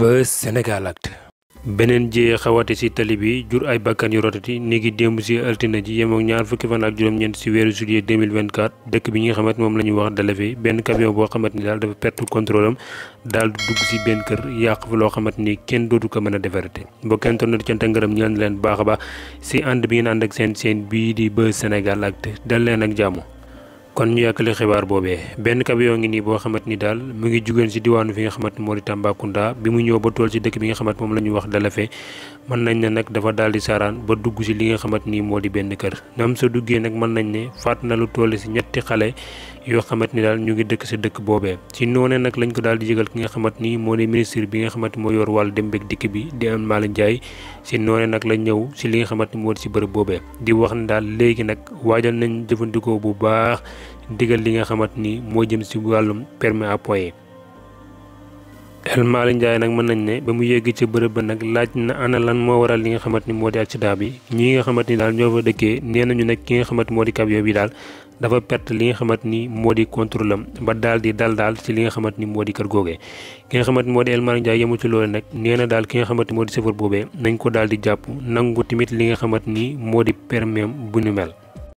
ba Sénégalactu beneen jiyee xawate ci tali bi jur ay bakkan yu rotati ni ngi démb ci altine ji yemook ñaar fukki fan ak juróom-ñeent ci weeru juillet 2024 dëkk bi ñi nga xamante moom la ñuy wax Dalafe benn camion boo xamante ni daal dafa perte contrôle am daal di dugg ci benn kër yàq fa loo xamante ni kenn dootu ko mën a defarate mbokk internet cant ak ngërëm ñaan leen baax a baax ci ànd bi ngeen ànd ak seen seen bii di Buzz Sénégalactu dal leen ak jàmm kon ñu yàkkale xibaar boobee benn camion ngi nii boo xamante ni daal mu ngi jugeen ci diwaanu fi nga xamante moo di Tambacounda bi mu ñëw ba tool ci dëkk bi nga xamante moom la ñuy wax Dalafe mën nañ ne nag dafa daal di saaraan ba dugg ci li nga xamante ni moo di benn kër nam sa duggee nag mën nañ ne faat na lu toll ci ñetti xale yoo xamante ni daal ñu ngi dëkk ci dëkk boobee ci noonee nag lañ ko daal di yëgal ki nga xamante ni moo di ministre bi nga xamante moo yor wàllu dem beeg dikk bi di am Malick Ndiaye ci noonee nag la ñëw ci li nga xamante ni moo di bërëb boobee di wax ne daal léegi nag waajal nañ jëfandikoo bu baax digal li nga xamante ni moo jëm si wàllum permis à point El Malick Ndiaye nag mën nañ ne ba mu yegg ci bërëb ba nag laaj na na lan moo waral li nga xamante ni moo di accident bi ñii nga xamante ni daal ñoo fa dëkkee nee nañu nag ki nga xamat moo di camion bi daal dafa perte li nga xamante ni moo di contrôle am ba daal di dal daal ci li nga xamante ni moo di kër googe ki nga xamante ni moo di El Malick Ndiaye yemu ci loolu nag nee na daal ki nga xamante ni moo boobee nañ ko daal di jàpp nangu tamit li nga xamante ni moo di permis bu ñu mel